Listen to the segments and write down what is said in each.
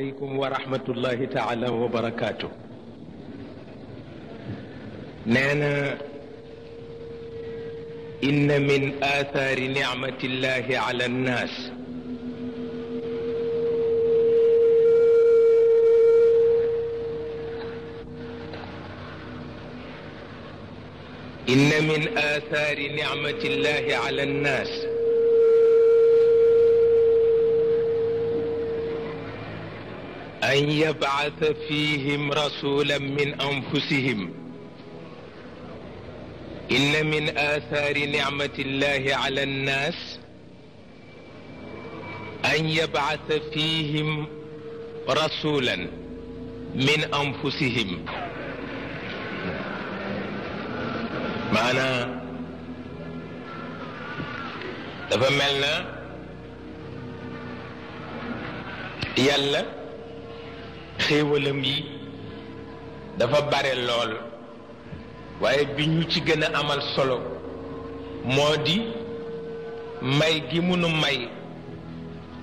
aleykum wa rahmatullahi taala wa barakaatu nee na inna min aathaari nicmatillahi ala annaas inna min aathaari nicmatillahi ala annaas an yabcata fihim rasulan min anfusihim inna min aathaari nicmati illahi ala annaas an yabcata fihim rasulan min anfusihim maanaa dafa mel na yàlla xéewalam yi dafa bare lool waaye bi ñu ci gën a amal solo moo di may gi munu may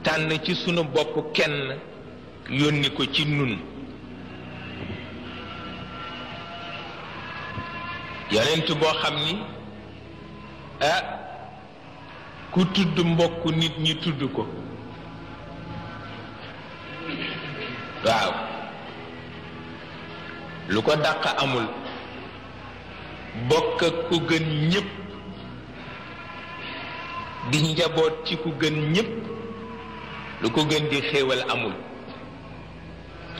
tànn ci sunu bopp kenn yónni ko ci nun yonent boo xam ni ah ku tudd mbokk nit ñi tudd ko waaw lu ko dàq amul bokk ak ku gën ñëpp di njaboot ci ku gën ñépp lu ko gën di xéewal amul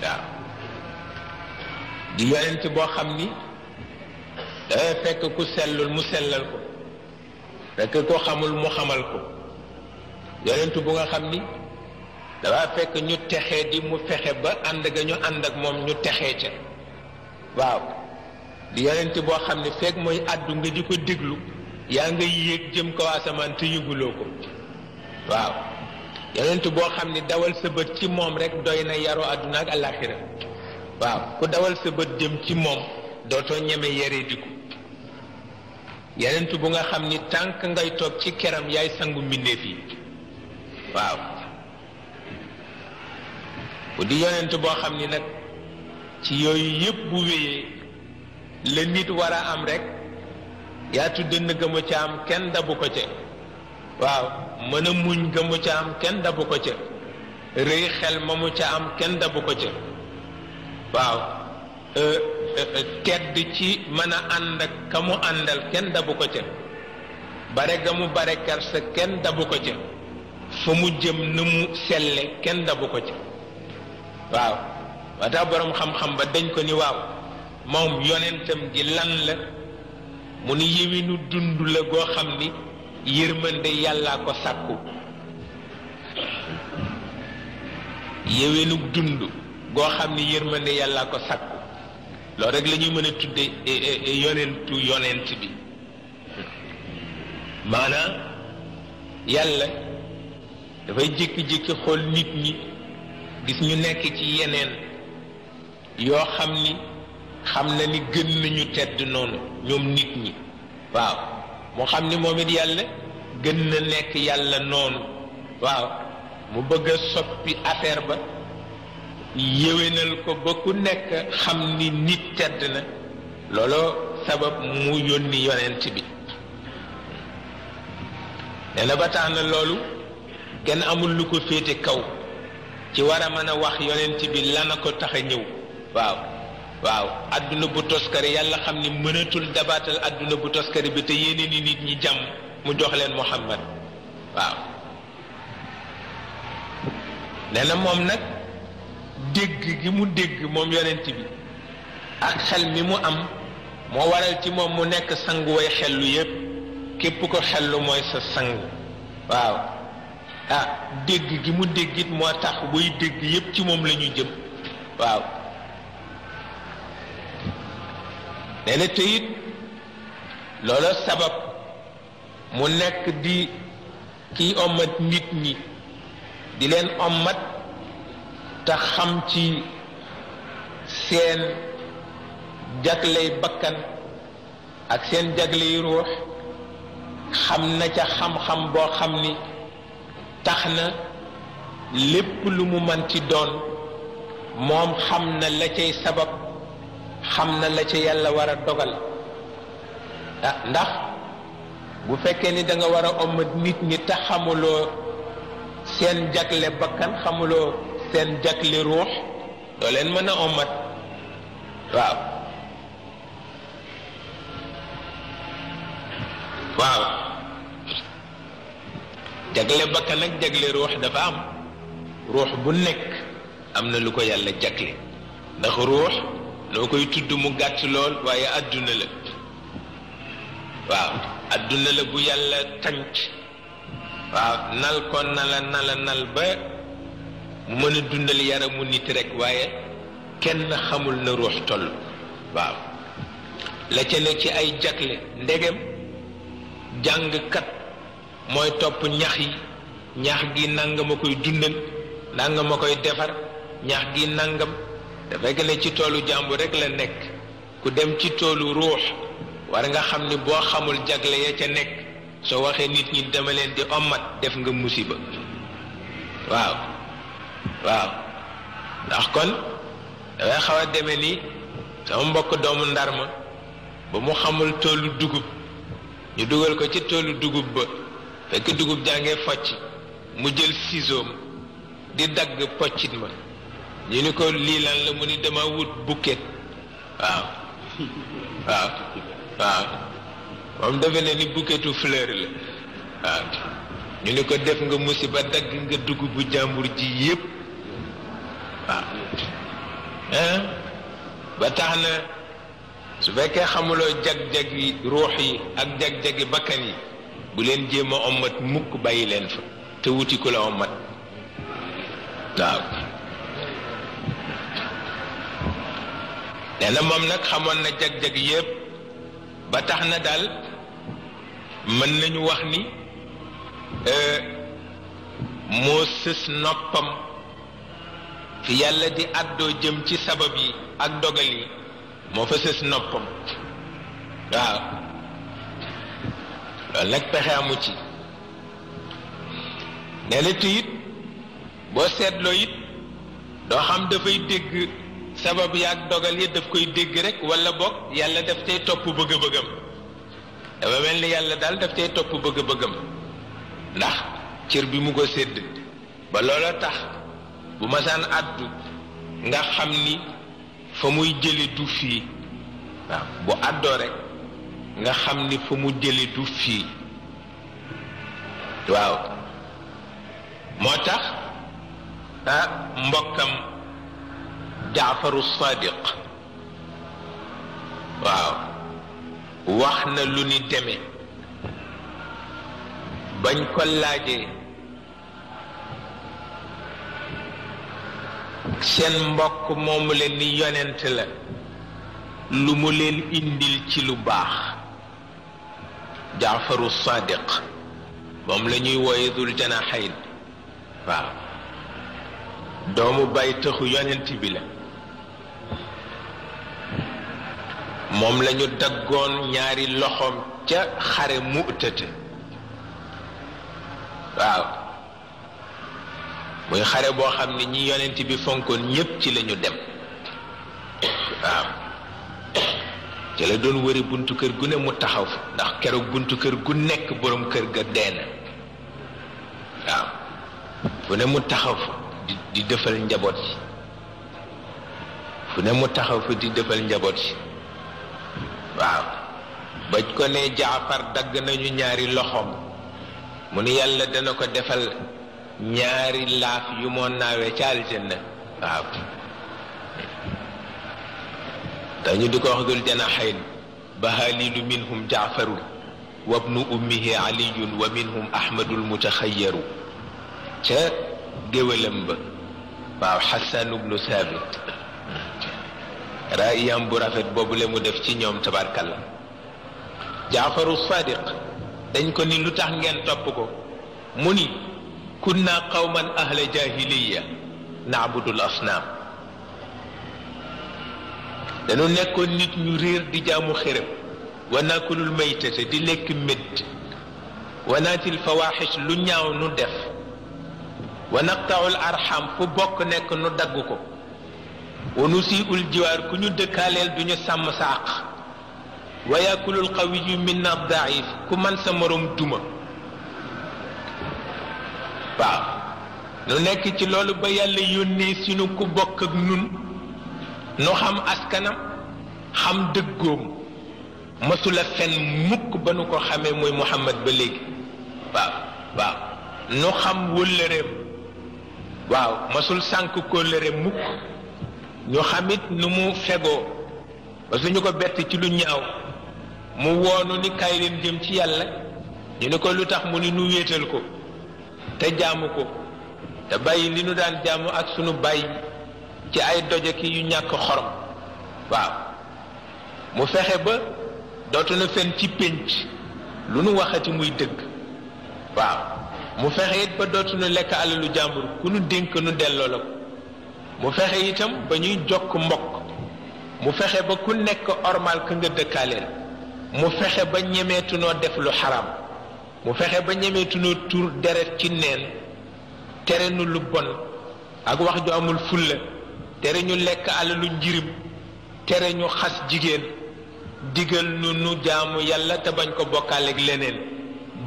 waaw di yonent boo xam ni dafay fekk ku sellul mu sellal ko fekk ko xamul mu xamal ko yonent bu nga xam ni dafa fekk ñu texee di mu fexe ba ànd ga ñu ànd ak moom ñu texe ca waaw di yonent boo xam ne fekk mooy àddu nga di ko déglu yaa ngay yéeg jëm kaw asamaan te yëguloo ko waaw yonent boo xam ne dawal sa bët ci moom rek doy na yaroo àdduna ak àllaaxira waaw ku dawal sa bët jëm ci moom dootoo ñeme yare di ko yonent bu nga xam ni tànk ngay toog ci keram yaay sangu mbindéef yi waaw bu di yonent boo xam ni nag ci yooyu yëpp bu wéyee la nit war a am rekk yaatu dënn gëmu ca am kenn dabu ko ca waaw mën a muñ gëmu ca am kenn dabu ko ca rëy xel ma mu ca am kenn dabu ko ca waaw e, e, e, tedd ci mën a ànd ak ka mu àndal kenn dabu ko ca bare ga mu bare kersa kenn dabu ko ca fa mu jëm na mu selle kenn dabu ko ca waaw waa boroom xam-xam ba dañ ko ni waaw moom yonentam gi lan la mu ni yéwénu dund la goo xam ni yërmande yàllaa ko sàkku yéwénu dund goo xam ni yërmande yàllaa ko sàkku loolu rek lañuy ñuy mën a tudde e, e, e, yonentu yonent bi maanaam yàlla dafay jékki-jékki xool nit ñi gis ñu nekk ci yeneen yoo xam ni xam na ni gën nañu tedd noonu ñoom nit ñi waaw mu xam ni moom it yàlla gën na nekk yàlla noonu waaw mu bëgg a soppi affaire ba yéwénal ko ba ku nekk xam ni nit tedd na looloo sabab mu yónni yonent bi nee na ba tax na loolu kenn amul lu ko féete kaw ci war a mën a wax yonent bi lana ko tax a ñëw waaw waaw adduna bu toskari yàlla xam ni mënatul dabaatal àdduna bu toskari bi te yéene ni nit ñi jàmm mu jox leen muhammad waaw nee na moom nag dégg gi mu dégg moom yonent bi ak xel mi mu am moo waral ci moom mu nekk sangu way xellu yépp képp ko xellu mooy sa sangu waaw ah dégg gi mu déggit moo tax buy dégg yépp ci moom lañu jëm waaw nee na te loola sabab mu nekk di kiy ommat nit ñi di leen ommat te xam ci seen jagley bakkan ak seen jagley ruux xam na ca xam-xam boo xam ni tax na lépp lu mu mën ci doon moom xam na la cay sabab xam na la ci yàlla war a dogal ah, ndax bu fekkee ni danga war a ommat nit ñi te xamuloo seen jagle bakkan xamuloo seen jagle ruux doo leen mën a ommat waaw waaw jagle bakkan ak jagle ruux dafa am ruux bu nekk am na lu ko yàlla jagle ndax ruux loo koy tudd mu gàtt lool waaye àdduna la waaw àdduna la bu yàlla tànc waaw nal ko nala nala nal ba mu mën a dundal yaramu nit rekk waaye kenn xamul na ruux toll waaw la ca ne ci ay jagle ndegem jàngkat mooy topp ñax yi ñax gi nangam a koy dundal nangam a koy defar ñax gi nangam te fekk ci toolu jàmbu rek la nekk ku dem ci toolu ruux war nga xam ni boo xamul jagle ya ca nekk soo waxee nit ñi dama leen di ommat def nga musiba waaw waaw ndax kon dafay xaw deme ni sama mbokk doomu ndar ma ba mu xamul toolu dugub ñu dugal ko ci toolu dugub ba fekk dugub jàngee focc mu jël ciseau di dagg poccit ma ñu ni ko lii lan la mu ni dama wut bouquet waaw waaw waaw moom defe ne ni bouquetu fleur la waaw ñu ni ko def nga musiba dagg nga dugub bu jàmbur ji yépp waaw ah ba tax na su fekkee xamuloo jag-jag yi ruux yi ak jag-jagi bakkan yi bu leen jéem a mukk bàyyi leen fa te wuti ku la ommat waaw nee na moom nag xamoon na jag-jag yépp ba tax na daal mën nañu wax ni euh, moo sës noppam fi yàlla di àddoo jëm ci sabab yi ak dogal yi moo fa sës noppam waaw loolu nag pexe amu ci nee na it boo seetloo it doo xam dafay dégg sabab yaag dogal yi daf koy dégg rek wala boog yàlla def cay topp bëgg-bëggam dafa mel ni yàlla daal def cay topp bëgg-bëggam ndax cër bi mu ko sédd ba loola tax bu masaan àddu nga xam ni fa muy jële du fii waaw bu àddoo rek nga xam ni fa mu jële du fii waaw moo tax ah mbokkam jaafaru sadiq waaw wax na lu ni deme bañ ko seen mbokk moomu leen ni yonent la lu mu leen indil ci lu baax jaafaru sadiq moom lañuy ñuy wooye dul janaxayn waaw doomu bay tëxu yonent bi la moom lañu daggoon ñaari loxoom ca xare mu tëtë waaw muy xare boo xam ne ñi yonent bi fonkoon ñépp ci lañu dem waaw ci la doon wëri buntu kër gu ne mu taxaw fa ndax keroog buntu kër gu nekk boroom kër ga dee na waaw fu ne mu taxaw fa di di njaboot si fu ne mu taxaw fa di dëfal njaboot si waaw bañ ko ne jaafar dagg nañu ñaari loxoom mu ne yàlla dana ko defal ñaari laaf yu moo naawee ca aljanna waaw dañu di ko wax dul janaxayn bahalilu minhum jaafarul wabnu ummihi aliyun wa minhum ahmadul mutaxayaru ca géwélam ba waaw xasan ubnu saabit raayam bu rafet boobu la mu def ci ñoom tabarkalla jaafaru sadiq dañ ko ni lu tax ngeen topp ko mu ni kun kunna qawman ahla jahiliya naabudul asnaam dañu nekkoon nit ñu réer di jaamu xërëm wa naakulul maytata di lekk médd wa naatil fawaaxis lu ñaaw nu def wa naqtaul arxam fu bokk nekk nu dagg ko wa nusiul jiwaar ku ñu dëkkaaleel du ñu sàmm sa àq wa yakulul qawiyu minna daif ku man sa moroom duma waaw nu nekk ci loolu ba yàlla yónnee sinu ku bokk ak nun nu xam askanam xam dëggoom mësula fen mukk ba nu ko xamee muy Muhammad ba léegi waaw waaw nu xam wëllëreem waaw masul sànk kóllëre mukk ñu xamit nu mu fegoo ba suñu ko bett ci lu ñaaw mu woonu ni kay leen jëm ci yàlla ñu ni ko lu tax mu ni nu wéetal ko te jaamu ko te bàyyi li nu daan jaamu ak sunu bàyyi ci ay doje ki yu ñàkk xorom waaw mu fexe ba dootu na fen ci pénc lu nu waxati muy dëgg waaw mu fexe it ba dootuñu lekk alalu jàmbur ku nu dénk nu delloo la ko mu fexe itam ba ñuy jokk mbokk mu fexe ba ku nekk ormal ka nga dëkkaaleel mu fexe ba ñemeetunoo def lu xaram mu fexe ba ñemeetunoo tur deret ci neen tere nu lu bon ak wax ju amul fulla tere ñu lekk alalu njirim tere ñu xas jigéen digal nu nu jaamu yàlla te bañ ko bokkaaleeg leneen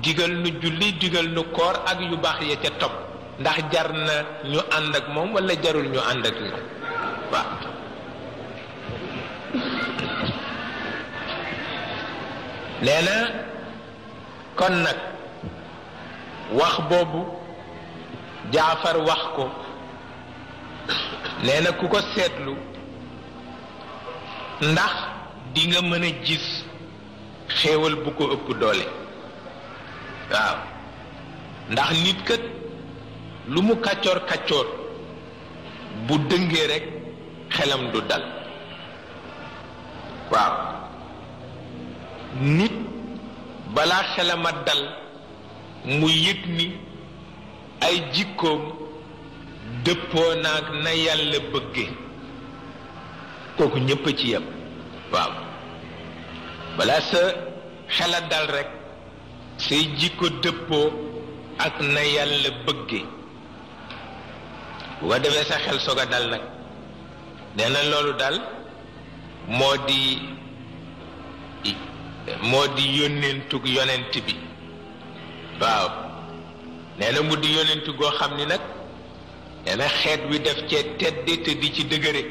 digal nu julli digal nu koor ak yu baax ya ca topp ndax jar na ñu ànd ak moom walla jarul ñu ànd ak moom nee na kon nag wax boobu jaafar wax ko nee na ku ko seetlu ndax di nga mën a gis xéewal bu ko ëpp doole waaw ndax nit kat lu mu kàccoor kàccoor bu dëngee rekk xelam du dal waaw nit balaa xelama dal mu yit ni ay jikkoom dëppoo naag na yàlla bëgge kooku ñépp a ci yem waaw balaa sa xela dal rekk say jikko dëppoo ak na yàlla bëgge bu ko defee sa xel soog a dal nag nee na loolu daal moo di moo di yónnentug yonent bi waaw nee na mu di yónnentu goo xam ni nag nee na xeet wi def cee tedde te di ci dëgëre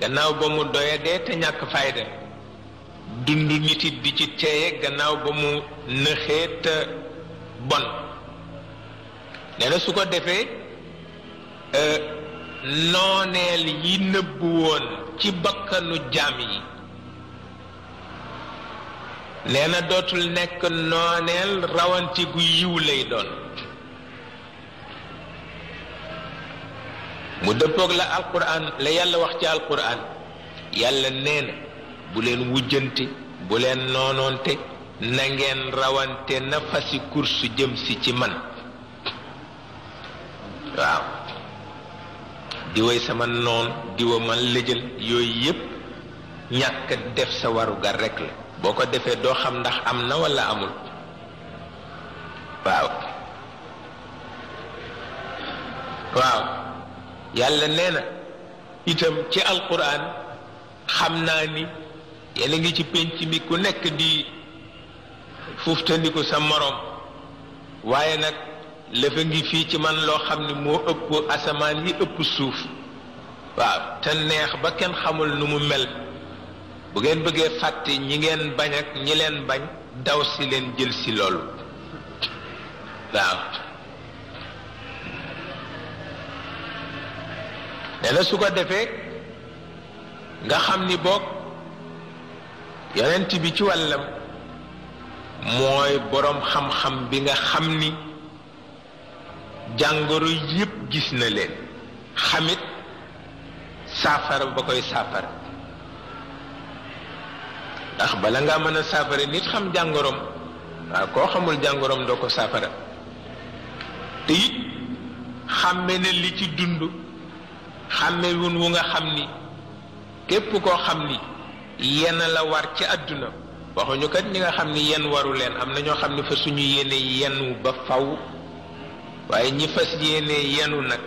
gannaaw ba mu doyadee te ñàkk fayda dund nit it di ci teeye gannaaw ba mu nëxee te bon nee na su ko defee e, nooneel yi nëbbu woon ci bakkanu jaam yi nee na dootul nekk nooneel rawante gu yiw lay doon mu dëppoog la alquran la yàlla wax ci alquran yàlla nee na bu leen wujjante bu leen noonoonte na ngeen rawante na fasi kursu jëm si ci man waaw diwéy sama noon diwa man lëjal yooyu yépp ñàkk def sa warugar rekk la boo ko defee doo xam ndax am na walla amul waaw waaw yàlla nee na itam ci alxuraan xam naa ni yéen a ngi ci pénc mi ku nekk di fuftandiku sa moroom waaye nag lëfa ngi fii ci man loo xam ne moo ëpp asamaan yi ëpp suuf waaw te neex ba kenn xamul nu mu mel bu ngeen bëggee fàtte ñi ngeen bañ ak ñi leen bañ daw si leen jël si loolu waaw nee su ko defee nga xam ni bokk yonent bi ci wàllam mooy boroom xam-xam bi nga xam ni jàngoro yépp gis na leen xamit saafara ba koy saafara ndax bala ngaa mën a saafara nit xam jàngoroom waaw koo xamul jàngoroom doo ko saafara te it xàmme na li ci dund xàmme wun wu nga xam ni képp koo xam ni yenn la war ci àdduna waxuñu kat ñi nga xam ni yenn waru leen am na ñoo xam ne fa suñu yéene yennu ba faw waaye ñi fas yéene yenu nag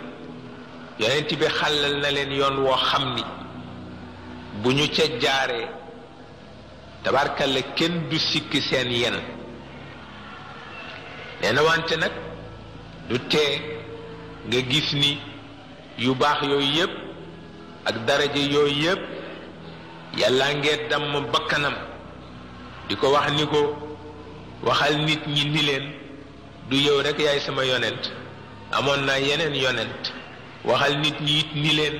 yonent bi xàllal na leen yoon woo xam ni bu ñu ca jaaree tabarkalla kenn du sikk seen yen nee na wante nag du tee nga gis ni yu baax yooyu yépp ak daraja yooyu yëpp yàllaa ngee damm bakkanam di ko wax ni ko waxal nit ñi ni leen du yow rek yaay sama yonent amoon naa yeneen yonent waxal nit ñi it ni leen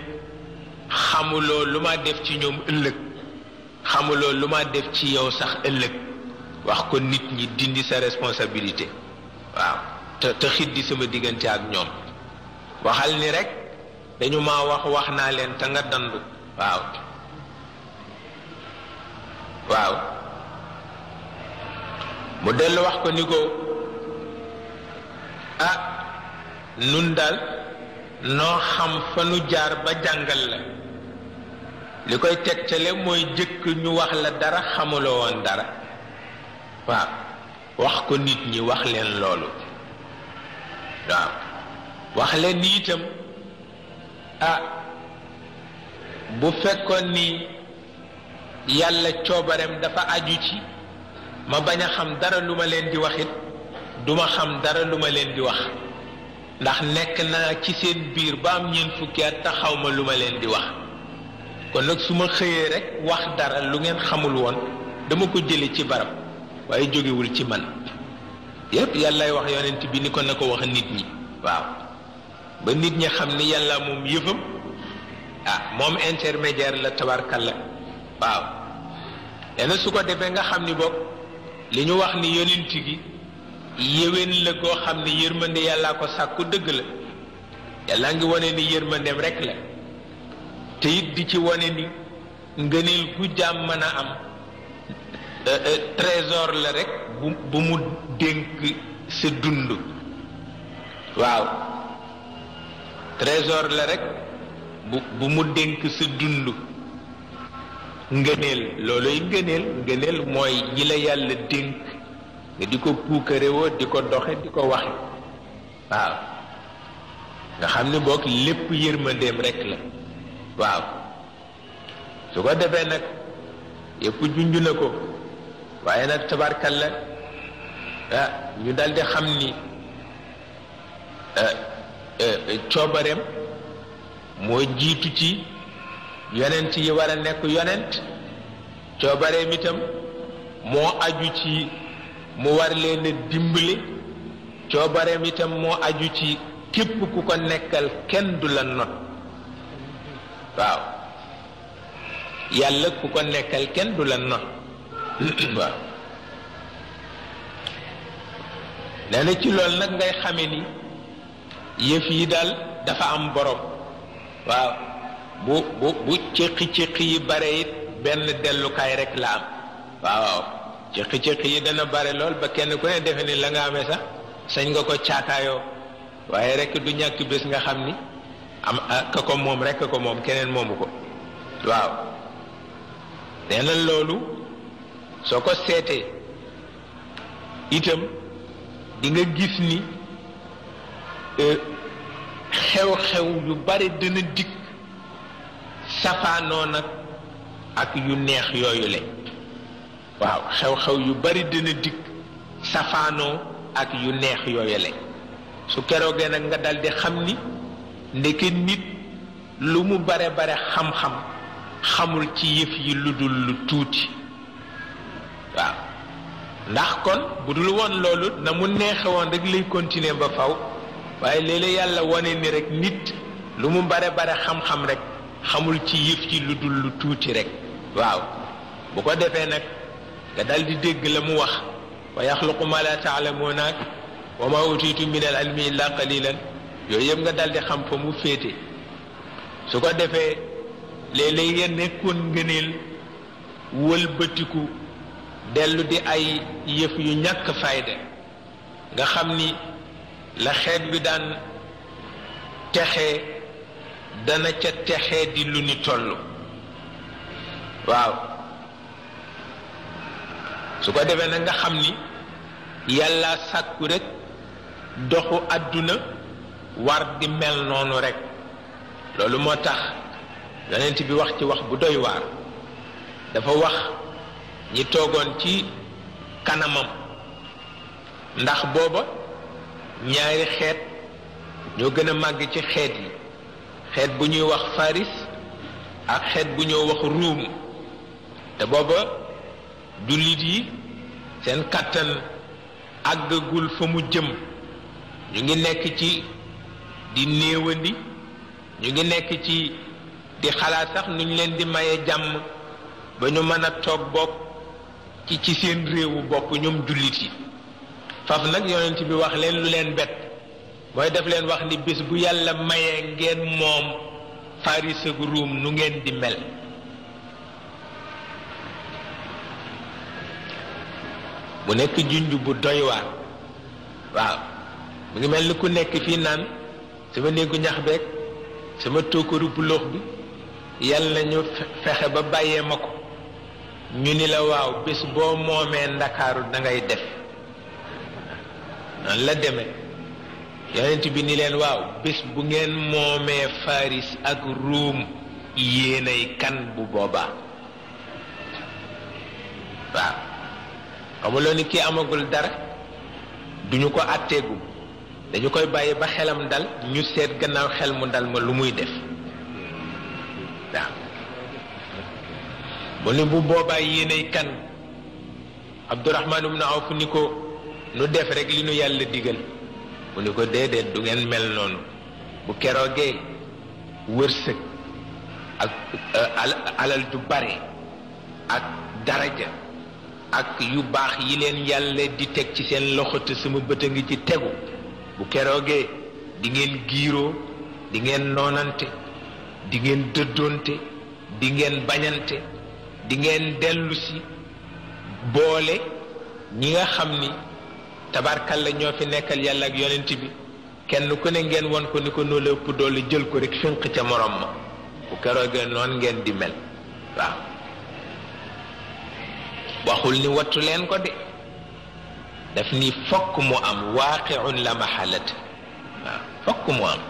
xamuloo lu ma def ci ñoom ëllëg xamuloo lu ma def ci yow sax ëllëg wax ko nit ñi dindi sa responsabilité waaw te te xiddi sama diggante ak ñoom waxal ni rekk dañu ma wax wax naa leen te nga dandu waaw waaw mu dellu wax ko ni ko ah nun daal noo xam fa nu jaar ba jàngal la li koy teg tegtale mooy jëkk ñu wax la dara xamuloo woon dara waaw wax ko nit ñi wax leen loolu waaw wax leen itam ah bu fekkoon ni yàlla coobareem dafa aju ci ma bañ a xam dara lu ma leen di wax it du xam dara lu ma leen di wax ndax nekk naa ci seen biir ba am ñeent fukki at te ma lu ma leen di wax kon nag su ma xëyee rek wax dara lu ngeen xamul woon dama ko jële ci barab waaye jógewul ci man yépp yàllaay wax yonent bi ni ko na ko wax nit ñi waaw ba nit ñi xam ni yàlla moom yëfam ah moom intermédiaire la tabarkalla waaw nee su ko defee nga xam ni boog li ñu wax ni yonent gi yéwén la koo xam ni yërmande yàllaa ko sàkku dëgg la yàllaa ngi wane ni yërmandeem rek la te it di ci wane ni ngëneel gu jàmm mën a am euh, euh, trésor la rekk bu mu dénk sa dund waaw trésor la rekk bu mu dénk si dund ngëneel looluy ngëneel ngëneel mooy yi la yàlla dénk nga di ko puukarewoo di ko doxe di ko waxe waaw nga xam ne boog lépp yërmandeem rekk la waaw su ko defee nag yëpp junj na ko waaye nag tabarkalla la ah, ñu daldi xam ni ah, ah, coobareem moo jiitu ci yonent yi war a nekk yonent coobareem itam moo aju ci mu war leen a dimbali coobareem itam moo aju ci képp ku ko nekkal kenn du la not waaw yàlla ku ko nekkal kenn du la not waaw nee ci lool nag ngay xame ni yëf yi daal dafa am boroom waaw bu bu bu cëqi cëqi yi bare it benn dellukaay rek la am waaw cëqi cëqi yi dana bare lool ba kenn ku ne defe ni la nga amee sax sañ nga ko caakaayoo waaye rek du ñàkk bés nga xam ni am ah, ka ko moom rek ko moom keneen moomu ko waaw nee loolu soo ko seetee itam di nga gis ni euh, xew-xew yu bare dana dikk safaanoo nag ak yu neex yooyu le waaw xew-xew yu bari dina dikk safaanoo ak yu neex yooyu le su keroogee nag nga daldi xam ni ndeke nit lu mu bare bare xam-xam xamul ci yëf yi lu dul lu tuuti waaw ndax kon bu dul woon loolu na mu neexe woon rek lay continuer ba faw waaye léeg yàlla wone ni rekk nit lu mu bare bare xam-xam rek xamul ci yëf ci lu dul lu tuuti rekk waaw bu ko defee nag nga dal dégg la mu wax wa yaxluqu ma la taalamuuna ak wa ma utitu min al ilmi illa qalilan yooyu yëpp nga dal di xam fa mu féete su ko defee léeg-léeg ya nekkoon ngëneel wëlbatiku dellu di ay yëf yu ñàkk fayde nga xam ni la xeet bi daan texee dana ca texee di lu ni toll waaw su ko defee nag nga xam ni yàlla sàkku rek doxu àdduna war di mel noonu rekk loolu moo tax yonent bi wax ci wax bu doy waar dafa wax ñi toogoon ci kanamam ndax booba ñaari xeet ñoo gën a màgg ci xeet yi xeet bu ñuy wax faris ak xeet bu ñuy wax ruum te booba jullit yi seen kàttan àggagul fa mu jëm ñu ngi nekk ci di néewandi ñu ngi nekk ci di xalaat sax nuñ leen di maye jàmm ba ñu mën a toog bokk ci ci seen réewu bopp ñoom jullit yi faf nag yonent bi wax leen lu leen bett mooy def leen wax ni bis bu yàlla mayee ngeen moom Faris ak Ruum nu ngeen di mel mu nekk junj bu doy waar waaw mu ngi mel ni ku nekk fii naan sama néegu ñax beeg sama tóokaru buloox bi yàlla nañu fexe ba bàyyee ma ko ñu ni la waaw bis boo moomee ndakaaru dangay def noonu la deme yonent bi ni leen waaw bés bu ngeen moomee faris ak ruum yéenay kan bu boobaa waaw xamuloo ni kii amagul dara duñu ko àtteegum dañu koy bàyyi ba xelam dal ñu seet gannaaw xel mu dal ma lu muy def waaw mu ni bu boobaa yéenay kan Abdurahmaan ibn Awf ni ko nu def rek li nu yàlla digal mu ni ko déedéet du ngeen mel noonu bu keroogee wërsëg ak euh, alal ju bare ak daraja ak yu baax yi leen yàlla di teg ci seen loxote te sama bët a ngi ci tegu bu keroogee dingeen giiroo dingeen noonante di ngeen dëddoonte di ngeen bañante dingeen ngeen dellusi boole ñi nga xam ni tabarkal la ñoo fi nekkal yàlla ak yonent bi kenn ku ne ngeen won ko ni ko noo la ëpp doole jël ko rek finq ca morom ma bu keroogee noon ngeen di mel waaw waxul ni wattu leen ko de daf ni fokk mu am waaqiun la mahalat waaw fokk mu am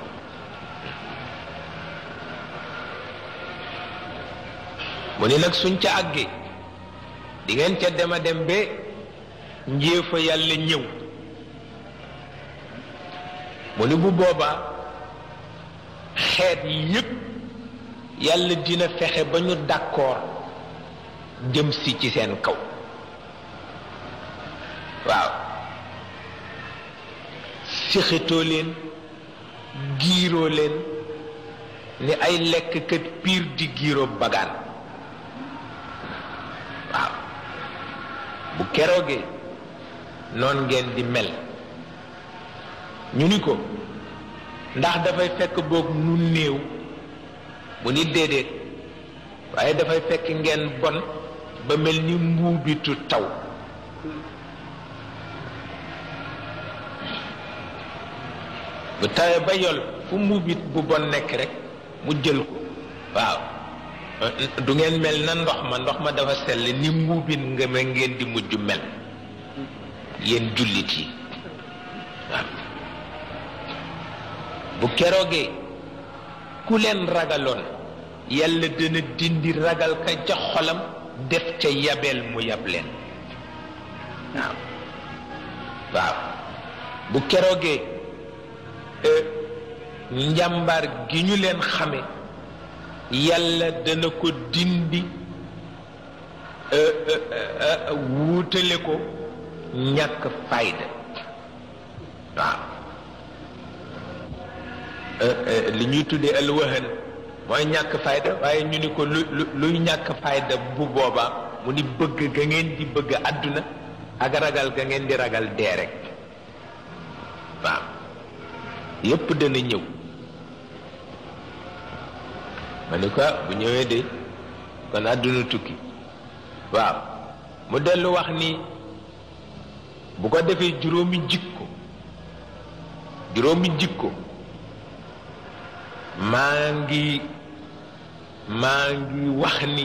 mu ni nag suñ ca àggee di ca dema dem njéefa yàlla ñëw mu ne bu boobaa xeet yépp yàlla dina fexe ba ñu d'accord jëm si ci seen kaw waaw sixitoo leen giiroo leen ni ay lekk kat piir di giiroo bagaan waaw bu keroogee noon ngeen di mel ñu ni ko ndax dafay fekk boog nu néew mu ni déedéet waaye dafay fekk ngeen bon ba mel ni mbuubitu taw bu tawee ba yol fu mbuubit bu bon nekk rekk mu jël ko waaw euh, du ngeen mel na ndox ma ndox ma dafa sell ni mbuubit nga ma ngeen di mujj mel yéen jullit yi bu keroogee ku leen ragaloon yàlla dana dindi ragal ka ca xolam def ca yabeel mu yab leen waaw waaw bu keroogee e, njàmbaar gi ñu leen xame yàlla dana ko dindi e, e, wuutale ko ñàkk fayda waaw euh, euh, li ñuy tudde alwahan mooy ñàkk fayda waaye ñu ni ko lu luy ñàkk fayda bu boobaa mu ni bëgg ga ngeen di bëgg àdduna ak ragal ga ngeen di ragal dee rek waaw yépp dana ñëw ma ah, bu ñëwee de kon àdduna tukki waaw mu dellu wax ni bu ko defee juróomi jikko juróomi jikko maa ngi maa ngi wax ni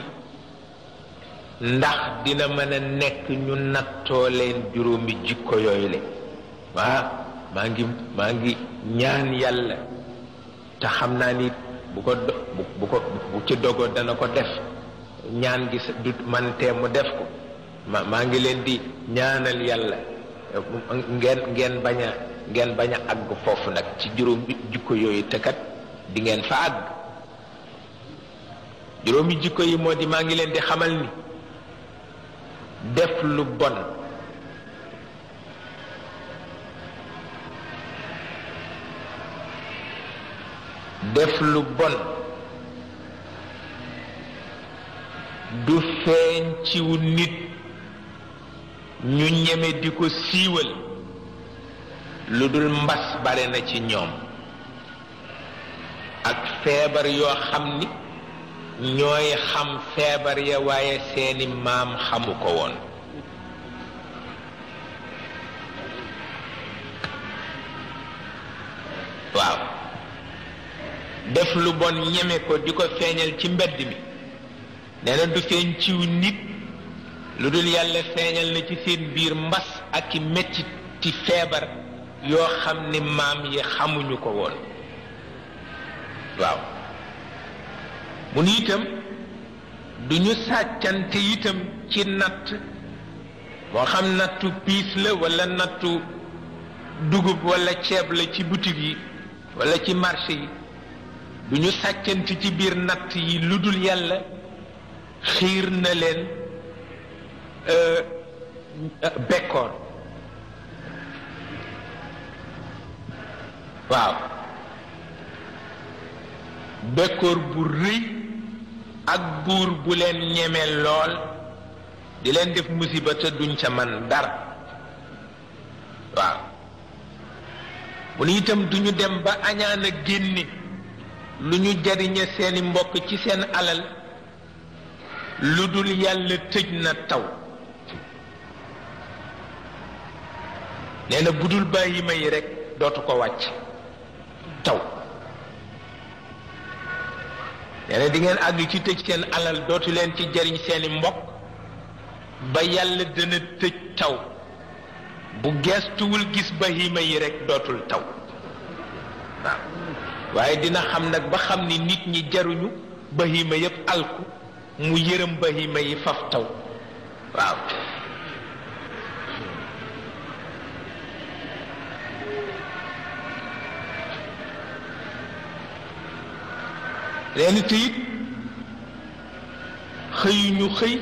ndax dina mën a nekk ñu nattoo leen juróomi jikko yooyu le waaw maa ngi maa ngi ñaan yàlla te xam naa ni bu ko do bu ko bu ci dogo dana ko def ñaan gi sa du man tee mu def ko ma maa ngi leen di ñaanal yàlla ngeen ngeen bañ a ngeen bañ a àgg foofu nag ci juróom bi jikko yooyu tëkkat dingeen fa àgg juróomi jikko yi moo di maa ngi leen di xamal ni def lu bon def lu bon du feeñ ciw nit ñu ñeme di ko siiwal lu dul mbas bare na ci ñoom ak feebar yoo xam ni ñooy xam feebar ya waaye seeni maam xamu ko woon waaw def lu bon ñeme ko di ko feeñal ci mbedd mi nee du feeñ ciw nit lu dul yàlla feeñal na ci seen biir mbas ak i metti ci feebar yoo xam ni maam yi xamuñu ko woon waaw mu ni itam du ñu sàccante itam ci natt moo xam nattu piis la walla nattu dugub walla ceeb la ci butig yi walla ci marché yi du ñu sàccante ci biir natt yi lu dul yàlla xiir na leen Euh, bekkoor waaw bekkoor bu rëy ak buur bu leen ñeme lool di leen def musiba te duñ ca man dara waaw mu ne itam duñu dem ba añaan a génne lu ñu jariñe seeni mbokk ci seen alal lu dul yàlla tëj na taw nee bu dul bàyyi ma yi rek dootu ko wàcc taw nee na àgg ci tëj seen alal dootu leen ci jariñ seeni mbokk ba yàlla dana tëj taw bu geestuwul gis bahima yi rek dootul taw waaye dina xam nag ba xam ni nit ñi jaruñu bahima yépp alku mu yërëm bahima yi faf taw waaw réalité it xëyu ñu xëy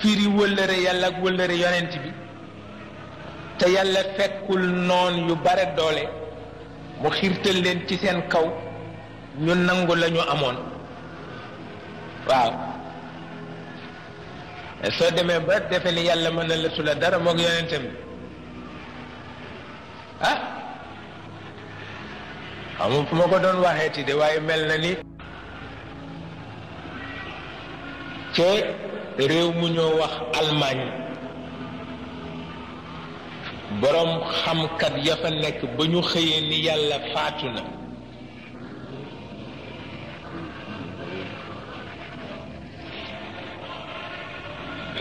firi wëllëre yàlla ak wëllëre yonent bi te yàlla fekkul noon yu bare doole mu xiirtal leen ci seen kaw ñu nangu lañu amoon waaw soo demee ba defe ni yàlla mën na la su la dara moog yonentam ah xamul fu ma ko doon waxee ti de waaye mel na ni ca réew mu ñoo wax almaañ boroom xamkat ya fa nekk ba ñu xëyee ni yàlla faatu na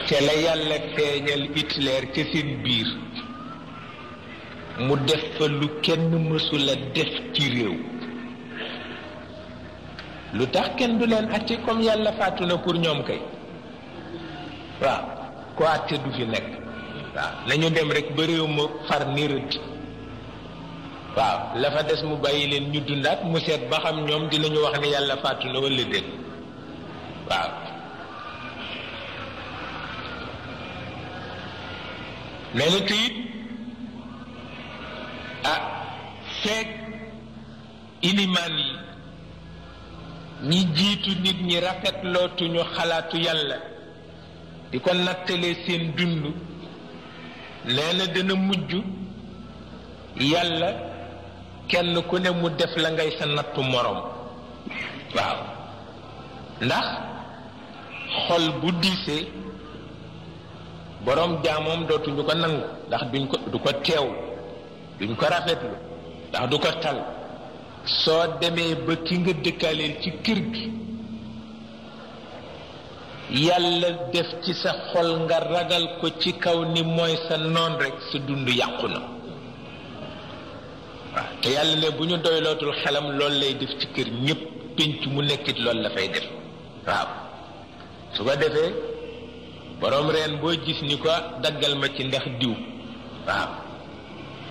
te la yàlla feeñal Hitler ca seen biir mu def fa lu kenn mësula def ci réew lu tax kenn du leen àtte comme yàlla fàttu na pour ñoom kay waaw ko àtte du fi nekk waaw nañu dem rek ba réew ma far ni rëdd waaw la fa des mu bàyyi leen ñu dundaat mu seet ba xam ñoom dinañu wax ne yàlla fàttu na walla déet waaw mais nag fekk ilimaan yi ñi jiitu nit ñi rafet lootuñu xalaatu yàlla di ko nattalee seen dund nee na dina mujj yàlla kenn ku ne mu def la ngay sa nattu moroom waaw ndax xol bu diisee boroom jaamoom dootuñu ko nangu ndax duñ ko du ko teew duñ ko rafetlu ndax du ko tal soo demee ba ki nga dëkkaaleel ci kër gi yàlla def ci sa xol nga ragal ko ci kaw ni mooy sa noon rekk sa dund yàqu na te yàlla ne bu ñu doylootul xelam loolu lay def ci kër ñépp pénc mu nekkit loolu la def waaw su ko defee boroom reen boo gis ni ko daggal ma ci ndax diw waaw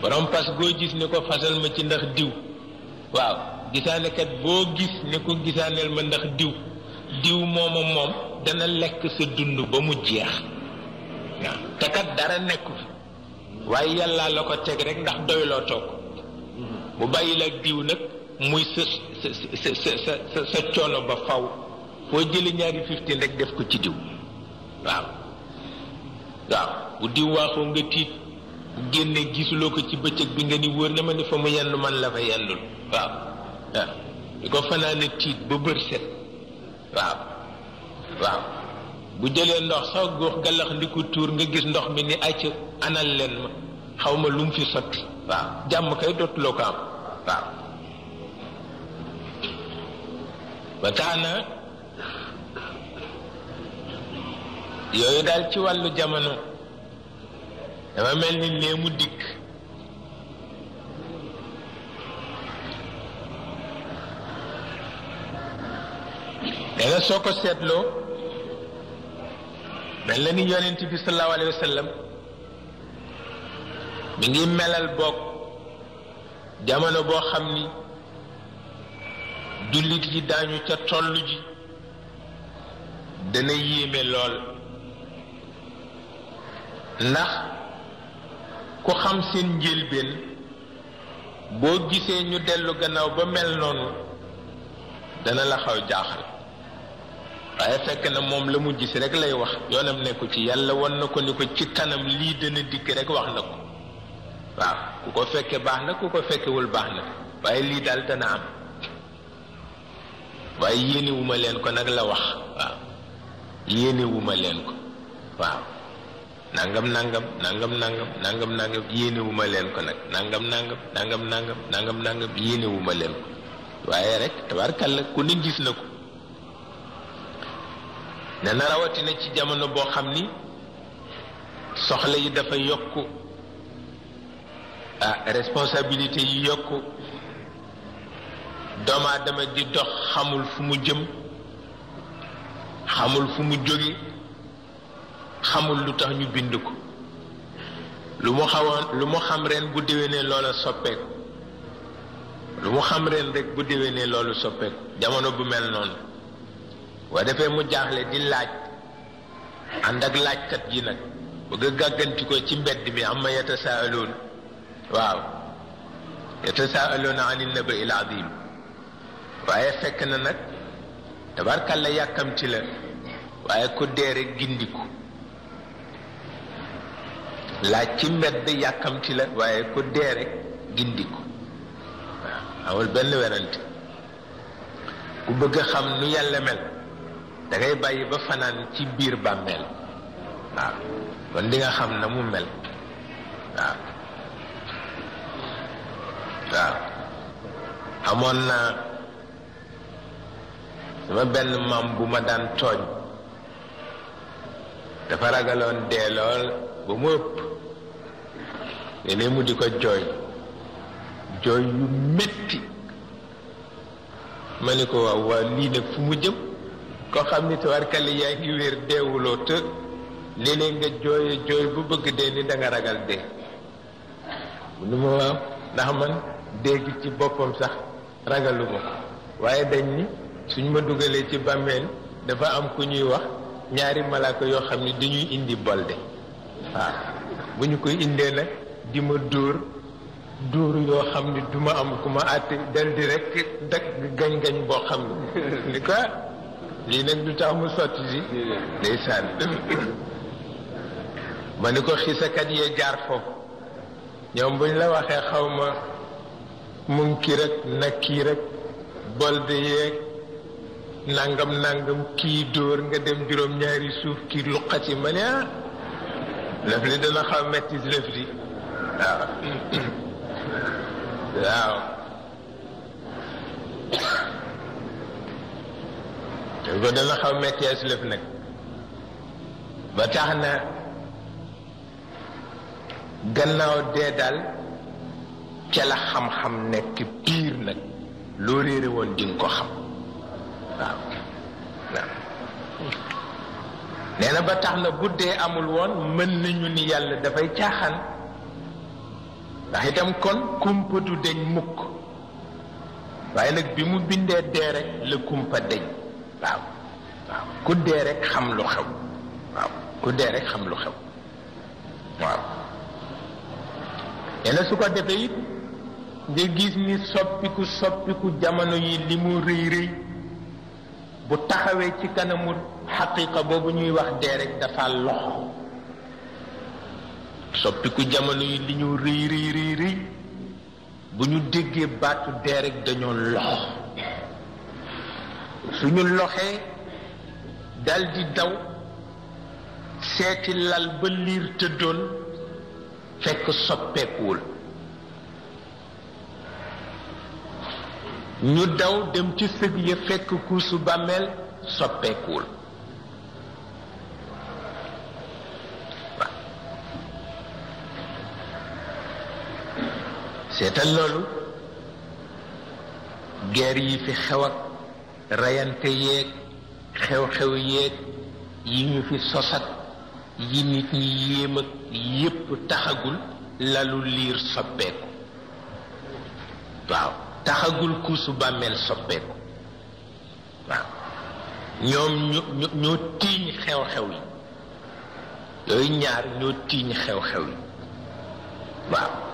borom fas goo gis ne ko fasal ma ci ndax diw waaw gisaanekat boo gis ne ko gisaaneel ma ndax diw diw mooma moom dana lekk sa dund ba mu jeex waaw te kat dara nekku waaye yàlla la ko teg rek ndax doyloo toog bu bàyyi la diw nag muy sa sa sa sa sa coono ba faw foo jële ñaari fifteen rek def ko ci diw waaw waaw bu diw waaxoo nga tiit génne gisuloo ko ci bëccëg bi nga ni wóor na ma ni fa mu yenn man la fa yennul waaw waaw di ko fanaane tiit ba bër set waaw waaw bu jëlee ndox sax góox galax tuur nga gis ndox mi ni acc anal leen ma xaw ma lu mu fi sotti waaw jàmm kay dootuloo ko am waaw ba yooyu daal ci wàllu jamono dafa mel ni léemu dikk nee soo ko seetloo mel na ni yonent bi sallallahu alayhi wa sallam ngi melal bokk jamono boo xam ni jullit yi daañu ca toll ji dana yéeme lool ndax ku xam seen njëlbéen boo gisee ñu dellu gannaaw ba mel noonu dana la xaw jaaxal waaye fekk na moom la mu gis rek lay wax yoonam nekku ci yàlla wan na ko ni ko ci kanam lii dana dikk rek wax na ko waaw ku ko fekkee baax na ku ko fekkewul baax na waaye lii daal dana am waaye yéenewuma leen ko nag la wax waaw yéenewuma leen ko waaw nangam nangam nangam nangam nangam nangam yéenewu leen ko nag nangam nangam nangam nangam nangam nangam yéenewu ma leen ko waaye rek tabarkalla ku ne gis na ko ne na rawatina ci jamono boo xam ni soxla yi dafa yokk ah responsabilité yi yokk doomu aadama di dox xamul fu mu jëm xamul fu mu jóge xamul lu tax ñu bind ko lu mu xawoon lu mu xam reen bu déwénee loola soppeeku lu mu xam ren rek bu déwénee loolu soppeeku jamono bu mel noonu waa defee mu jaaxle di laaj ànd ak laajkat yi nag bëgg gàgganti ko ci mbedd mi amma yatasaaloon waaw yatasaaloon an naba il adim waaye fekk na nag tabarkalla yàkkamti la waaye ku dee rek gindiku laaj ci mbedd yàkkamti la waaye ku dee rek ko waaw amul benn werante ku bëgg a xam nu yàlla mel dangay ngay bàyyi ba fanaan ci biir bàmmeel waaw kon di xam na mu mel waaw waaw amoon na sama benn maam bu ma daan tooñ dafa ragaloon dee lool ba mu ëpp léeg mu di ko jooy jooy yu metti ma ni ko waaw waa lii nag fu mu jëm ko xam ni tawarkale yaa ngi wér deewuloo të léeg-léeg nga jooye jooy bu bëgg dee ni da ragal de nu ni ma ndax man dégg ci boppam sax ragaluma ko waaye dañ ni suñ ma dugalee ci bàmmeel dafa am ku ñuy wax ñaari malaaka yoo xam ni dañuy indi bolde waaw ah. bu ñu koy indee nag di ma dóor dóor yoo xam ni du ma am ku ma àtte dal di rek dak gañ-gañ boo xam ne ni quoi lii nag du tax mu sotti si ndeysaan ma ni ko xisakat yee jaar foofu ñoom buñ la waxee xaw ma munkir ak nakkiir ak bolde yeeg nangam nangam kii dóor nga dem juróom-ñaari suuf kii luqati ma ne lëf li dana xaw metti lëf li waaw waaw te ko dana xaw metti as nag ba tax na gannaaw dee daal ca la xam-xam nekk piir nag loo réere woon ko xam waaw nee na ba tax na bu dee amul woon mën nañu ni yàlla dafay caaxaan ndax itam kon kumpa du deñ mukk waaye nag bi mu bindee dee rek la kumpa deñ waaw waaw ku dee rek xam lu xew waaw ku su ko defee it nga gis ni soppiku soppiku jamono yi li mu rëy rëy bu taxawee ci kanamu xaqiqa boobu ñuy wax dee rek dafa loxo soppiku jamono yi li ñu rëy rëy rëy bu ñu déggee baatu dee dañoo loxo ñu loxee daldi daw seeti lal ba liir tëddoon fekk soppeekuwul ñu daw dem ci sëg ya fekk kuusu bàmmeel soppeekuwul seetal loolu guerre yi fi xew ak rayante yeeg xew-xew yeeg yi ñu fi sosat yi nit ñi yéem ak yépp taxagul lalu liir soppeeku waaw taxagul kuusu bàmmeel soppeeku waaw ñoom ñoo tiiñ xew-xew yi yooyu ñaar ñoo tiiñ xew-xew yi waaw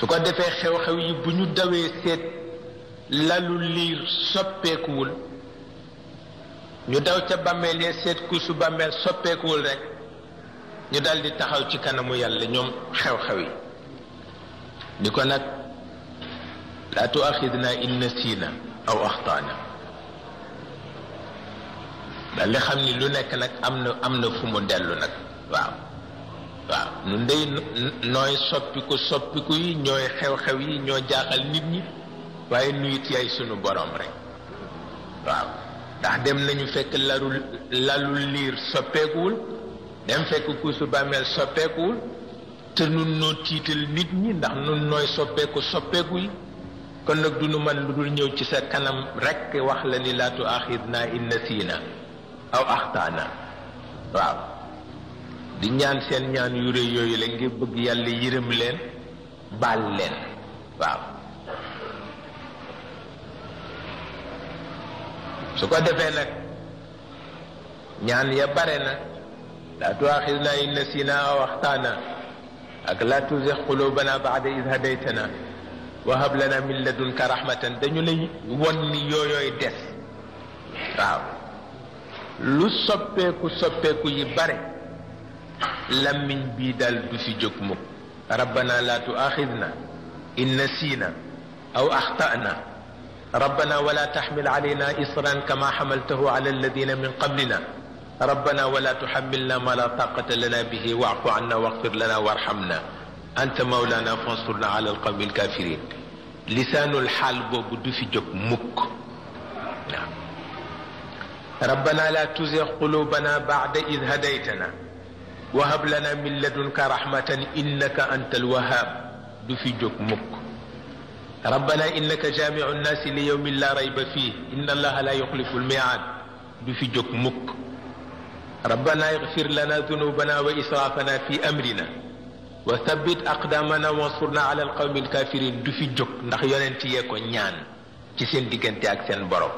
su ko defee xew-xew yi bu ñu dawee seet lalu liir soppeekuwul ñu daw ca bàmmeel seet ku bàmmeel soppeekuwul rekk ñu daldi taxaw ci kanamu yàlla ñoom xew-xew yi di ko nag laa tuaxidna in siina aw axtaana dal xam ni lu nekk nag am na am na fu mu dellu nag waaw waaw nun day nooy soppiku soppiku yi ñooy xew-xew yi ñoo jaaxal nit ñi waaye nuyit yaay sunu borom rek waaw ndax dem nañu fekk laru lalu liir soppeekuwul dem fekk kuusu bàmmeel soppeekuwul te nun noo tiital nit ñi ndax nun nooy soppeeku soppeeku yi kon nag du nu man lu dul ñëw ci sa kanam rek wax la ni laatu axid naa in nasiina aw axtaana waaw di ñaan seen ñaan yu rëy yooyu la bëgg yàlla yërëm leen baal leen waaw su ko defee nag ñaan ya bare na laa tuaxidna in nasina aw axtaana ak laa tuzix qulubana baada id hadaytana wa hab lana min ladunka rahmatan dañu lay won ni yooyooy des waaw lu soppeeku soppeeku yi bare làmmiñ bii daal du fi jóg mukk rabbana laa tuaaxidna in nasiina aw axtana rabbana wala taxmil alayna isran kama xamaltahu ala alladina min qablina rabbana wala tuxamilna ma la taqata lana bihi waafu anna waxfir lana warxamna anta mawlana fansurna ala alqawmi alkafirin lisaanul xaal boobu du fi jóg mukk waaw rabbana la tuzig qulubana bada id hadaytana wahab lana min ladunka rahmatan innaka anta alwahab du fi jóg mukk rabbana innaka jaamiu nnaasi li yowmin la rayba fii inna allaha la yuxlifu almiaad du fi jóg mukk rabbana igfir lana dunubana wa israafana fi amrina wa thabbit aqdamana wansurna ala alqawmi alkafirin du fi jóg ndax yonent yee ko ñaan ci seen diggante ak seen borom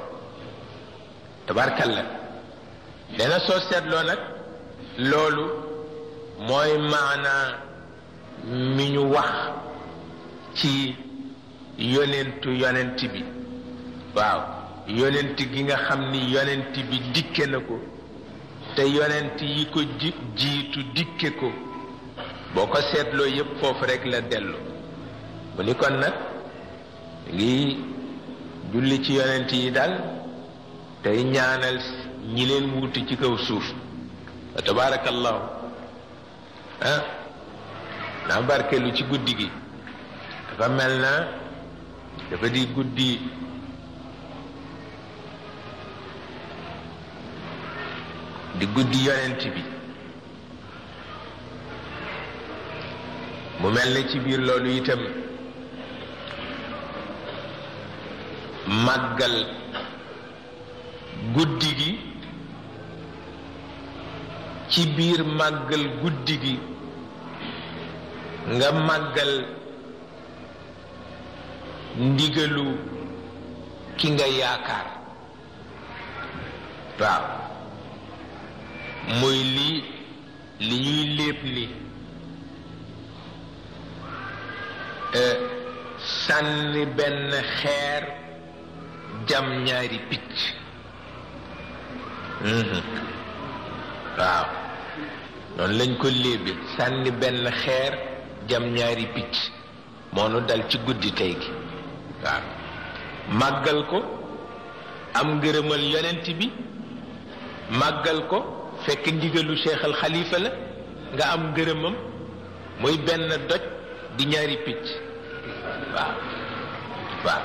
tabarkalla nee na soo seetloo nag loolu mooy maana mi ñu wax ci yonentu yonent bi waaw yonent gi nga xam ni yonent bi dikke na ko te yonent yi ko ji jiitu dikke ko boo ko seetloo yépp foofu rekk la dellu mu ni kon nag ngi julli ci yonent yi daal tey ñaanal ñi leen wuti ci kaw suuf wa tabarakallahu ah naa barkeelu ci guddi gi dafa mel na dafa di guddi di guddi yonent bi mu mel na ci biir loolu itam màggal guddi gi ci biir màggal guddi gi nga màggal ndigalu ki nga yaakaar waaw mooy lii li ñuy lépp li sànni benn xeer jam ñaari picc mhm. waaw noonu lañ ko léebit sànni benn xeer jam ñaari picc moo nu dal ci guddi tey gi waaw màggal ko am ngërëmal yonent bi màggal ko fekk ndigalu seexal al xalifa la nga am ngërëmam muy benn doj di ñaari picc waaw waaw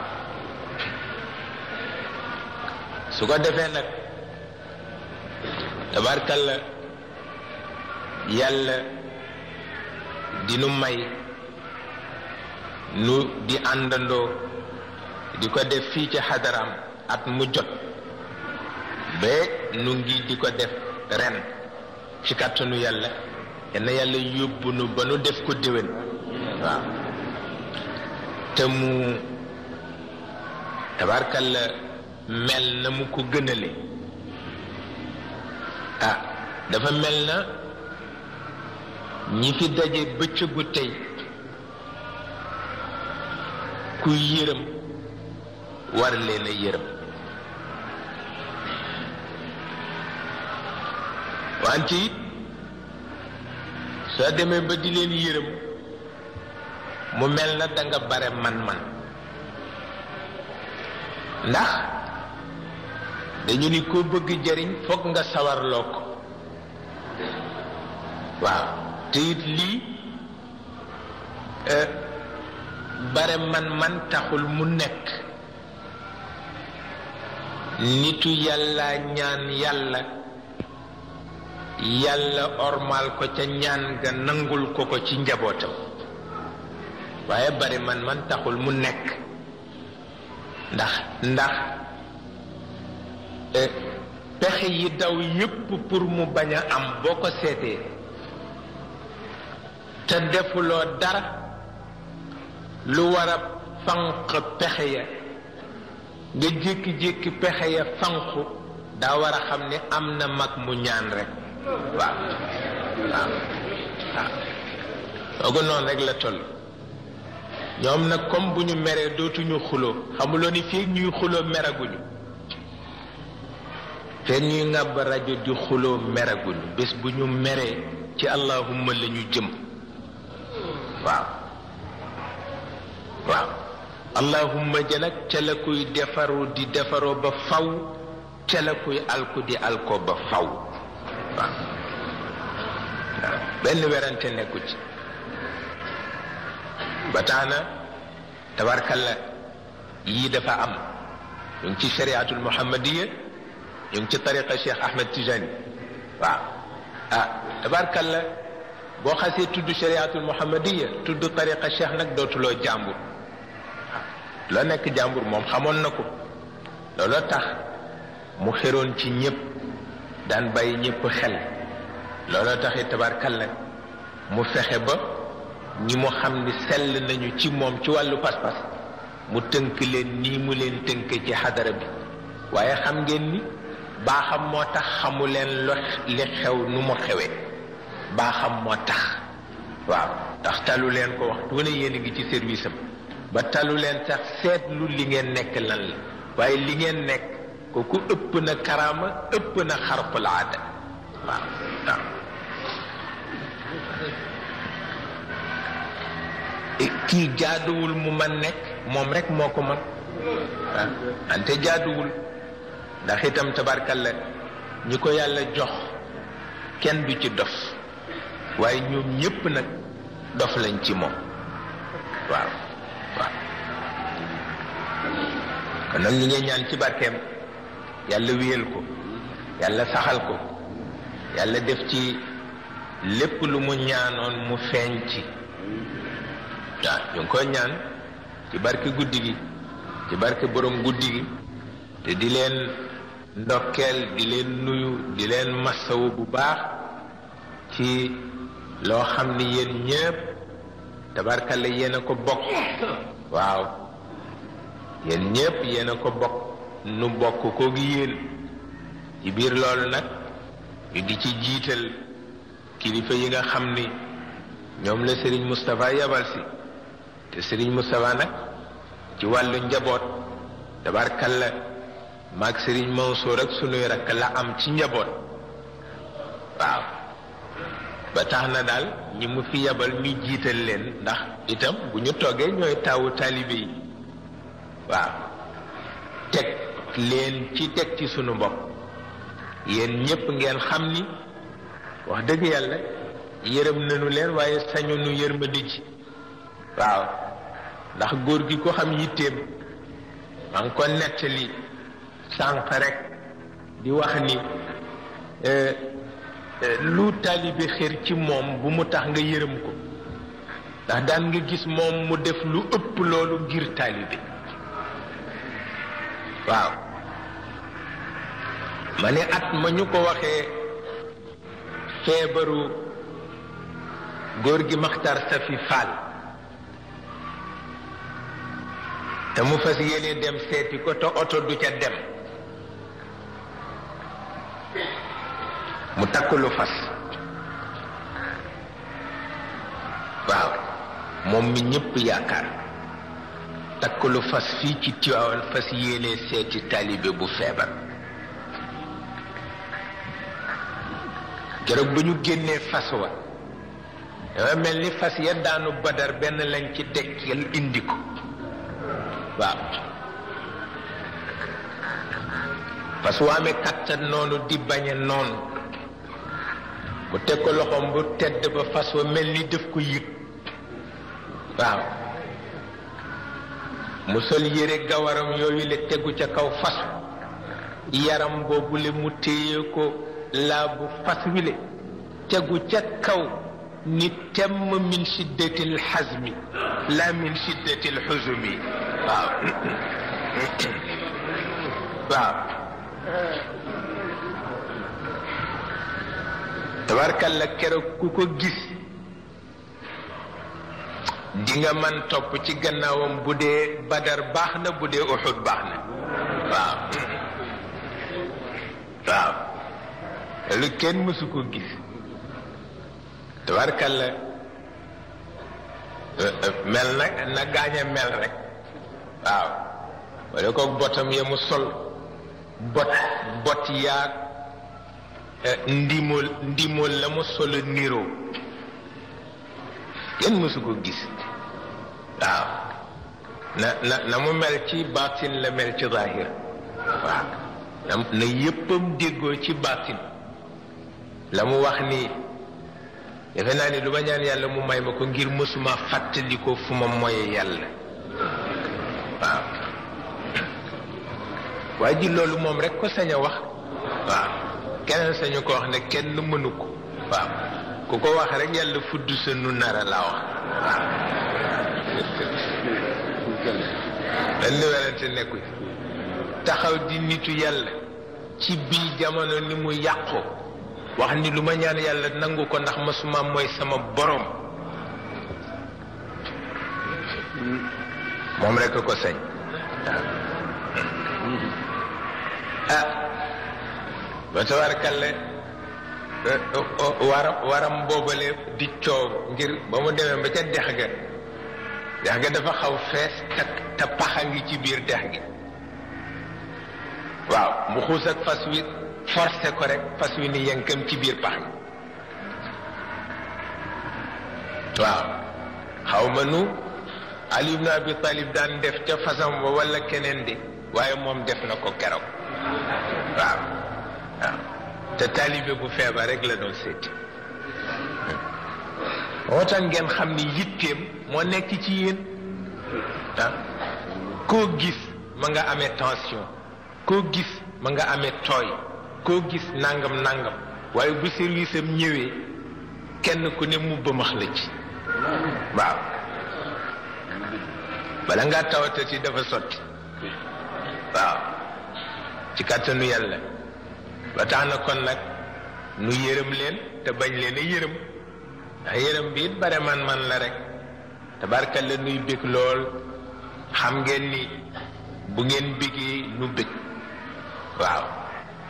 su ko defee nag tabarkalla yàlla dinu may nu di àndandoo di ko def fii ci xadaraam at mu jot ba nu ngi di ko def ren ci kàttanu yàlla yenn yàlla yóbbu nu ba nu def ko déwén waaw te mu tabarkalla mel na mu ko gënale ah dafa mel na ñi fi daje bëccëgu tey kuy yërëm war leen a yërëm wante it soo demee ba di leen yërëm mu mel na da bare man-man ndax dañu ni ko bëgg jariñ foog nga sawarloo ko waaw te it lii eh, bare man-man taxul mu nekk nitu yàlla ñaan yàlla yàlla ormaal ko ca ñaan ga nangul ko ko ci njabootam waaye bare man-man taxul mu nekk ndax ndax eh, pexe yi daw yépp pour mu bañ a am boo ko seetee te defuloo dara lu war fanq pexe ya nga jékki-jékki pexe ya fanqu daa war a xam ni am na mag mu ñaan rekk waaw waaw waaw oogu noonu rek la toll ñoom nag comme bu ñu meree dootuñu xuloo xamuloo ni fii ñuy xuloo meraguñu fii ñuy ngàbb rajo di xuloo meraguñu bés bu ñu meree ci allahumma la ñu jëm waaw waaw allahumma ja nag ca la kuy defaru di defaroo ba faw ca la kuy alku di alko ba faw waaw benn werante nekku ci ba tax na tabarkalla yii dafa am ñu ngi ci shariatul muhammadiya ñu ngi ci tariqa cheikh ahmed tijani waaw ah tabarkalla boo xasee tudd chariatul muhammadiya tudd tariqa cheikh nag dootuloo jàmbur loo nekk jàmbur moom xamoon na ko looloo tax mu xeroon ci ñëpp daan bàyyi ñëpp xel looloo taxi tabarkalla mu fexe ba ñi mu xam ni sell nañu ci moom ci wàllu pas-pas mu tënk leen nii mu leen tënk ci xadara bi waaye xam ngeen ni baaxam moo tax xamu leen lo li xew nu mu xewe baaxam moo tax waaw ndax talu leen ko wax du ne yéen ngi ci service ba tallu leen sax seetlu li ngeen nekk lan la waaye li ngeen nekk kooku ëpp na karaama ëpp na xarful aada waaw waaw eh, kii jaaduwul mu man nekk moom rek moo ko man ah, ante jaaduwul ndax itam tabarkalla ñi ko yàlla jox kenn du ci dof waaye ñoom ñépp nag dox lañ ci moom waaw waaw kon nag ñu ngi ñaan ci barkeem yàlla wéyal ko yàlla saxal ko yàlla def ci lépp lu mu ñaanoon mu feeñ ci waaw ñu ngi koy ñaan ci barke guddi gi ci barke borom guddi gi te di leen ndokkeel di leen nuyu di leen massawu bu baax ci loo xam ni yéen ñëpp tabarkalla yéen a ko bokk waaw yéen ñépp yéen a ko bokk nu bokk koog yéen ci biir loolu nag ñu di ci jiital kilifa yi nga xam ni ñoom la sëriñ Moustapha yabal si te Serigne Moustapha nag ci wàllu njaboot tabarkalla maag Serigne Mansour ak sunuy rakk la am ci njaboot waaw. ba tax na daal ñi mu fi yabal ñu jiital leen ndax itam bu ñu toggee ñooy taawu taalibe yi waaw teg leen ci teg ci sunu bopp yéen ñépp ngeen xam ni wax dëgg yàlla yërëm nañu leen waaye sañu nu yërmande ji waaw ndax góor gi ko xam yitteem maa ngi ko nettali sànq rek di wax ni euh, lu taalibe xër ci moom bu mu tax nga yërëm ko ndax daan nga gis moom mu def lu ëpp loolu ngir taalibe waaw ma ne at ma ñu ko waxee feebaru góor gi Maxtar Safi Fall te mu fas yéene dem seeti ko te oto du ca dem mu takkalu fas waaw moom mi ñëpp yaakaar takkalu fas fii ci Tiwaawan fas yéene seeti taalibe bu feebar keroog ba ñu génnee fas wa dafa mel ni fas ya daanu badar benn lañ ci dekkal indi ko waaw fas waa amee kattan noonu di bañe noonu mu teg ko loxoom bu tedd ba fas wa mel ni def ko yëg waaw mu sol yére gawaram yooyu le tegu ca kaw fas yaram boobu le mu téye ko laabu fas wi le tegu ca kaw ni temm min shiddatil xasmi la min shiddatil bi waaw waaw tabarkalla keroog ku ko gis di nga man topp ci gannaawam bu dee badar baax na bu dee uxud baax na waaw waaw lu kenn mësu ko gis tabarkalla euh, euh, mel na na gaañ mel rek waaw wala ko botam ya sol bot bot yaag Eh, ndimool ndimool la mu solo niroo kenn mësu ko gis waaw na na na mu mel ci batin la mel ci zahir waaw na yëppam déggoo ci baatin la mu wax ni defe naa ni lu ma ñaan yàlla mu may ma ko ngir mësuma fàttali fu ma moye yàlla waaw waa ji loolu moom rek ko sañ a wax waaw keneen sañu ko wax ne kenn mënu ko waaw ku ko wax rek yàlla fudd sa nu nara laa wax waaw dañ di werante nekku taxaw di nitu yàlla ci bii jamono ni mu yàqu wax ni lu ma ñaan yàlla nangu ko ndax masuma moy sama borom moom rek ko sañ ah ba tabarkalle eh, eh, oh, waram waram boobale di coow ngir ba mu demee ba ca dex ga dex ga dafa xaw fees te te paxa ngi ci biir dex gi waaw mu ak fas wi forcé ko rek fas wi ni yënkam ci biir pax gi waaw xaw ma nu Ali na Abi Talib daan def ca fasam wa wala keneen di waaye moom def na ko keroog waaw waaw te taalibe bu feebar rek la doon seeti moo tax ngeen xam ni yitteem moo nekk ci yéen ah. koo gis ma nga amee tension koo gis ma nga amee tooy koo gis nangam nangam waaye bu service am ñëwee kenn ku ne mu bëmax la ci waaw bala ngaa tawatati dafa sotti waaw ci kàttanu yàlla ba tax na kon nag nu yërëm leen te bañ leen a yërëm ndax yërëm bi it bare man-man la rek te barkal la nuy bég lool xam ngeen ni bu ngeen bégee nu bég waaw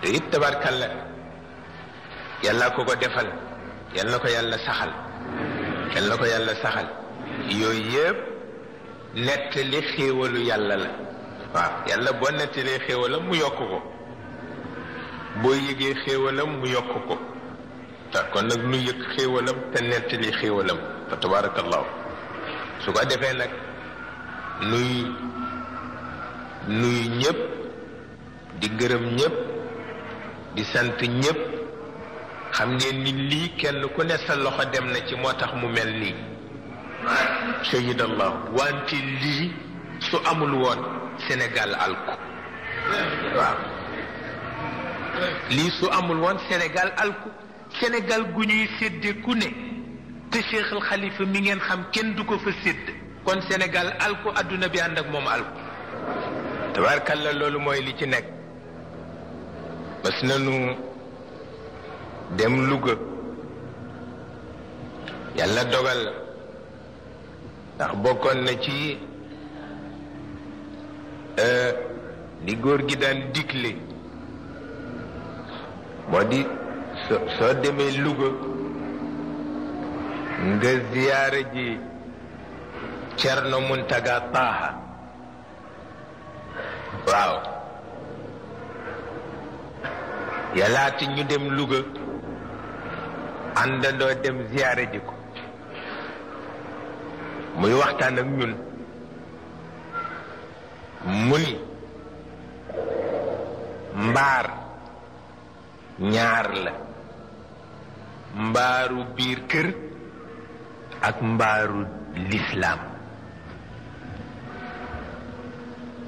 te it tabarkal la yàlla ko ko defal yal na ko yàlla saxal yal na ko yàlla saxal yooyu yëpp nettali xéewalu yàlla la waaw yàlla boo nettalee xéewalam mu yokk ko boo yëgee xéewalam mu yokk ko tax kon nag nu yëg xéewalam te nettali xéewalam fa tabaarakallaahu su ko defee nag nuy nuy ñépp di gërëm ñépp di sant ñépp xam ngeen ni lii kenn ku ne sa loxo dem na ci moo tax mu mel nii shahidallahu wante lii su amul woon senegal alku waaw lii su amul woon Sénégal alku Sénégal gu ñuy sédde ku ne te Cheikh xalifa mi ngeen xam kenn du ko fa sédd kon senegal alku àdduna bi ànd ak moom alku tabaarkalla loolu mooy li ci nekk mas nu dem Louga yàlla dogal ndax bokkoon na ci euh, li góor gi daan digle moo di so soo demee Louga nga ziyaara ji Cerno Muntaga Taaha waaw yalaati ñu dem Louga àndandoo dem ziyaara ji ko muy waxtaan ak ñun mu ni mbaar ñaar la mbaaru biir kër ak mbaaru lislaam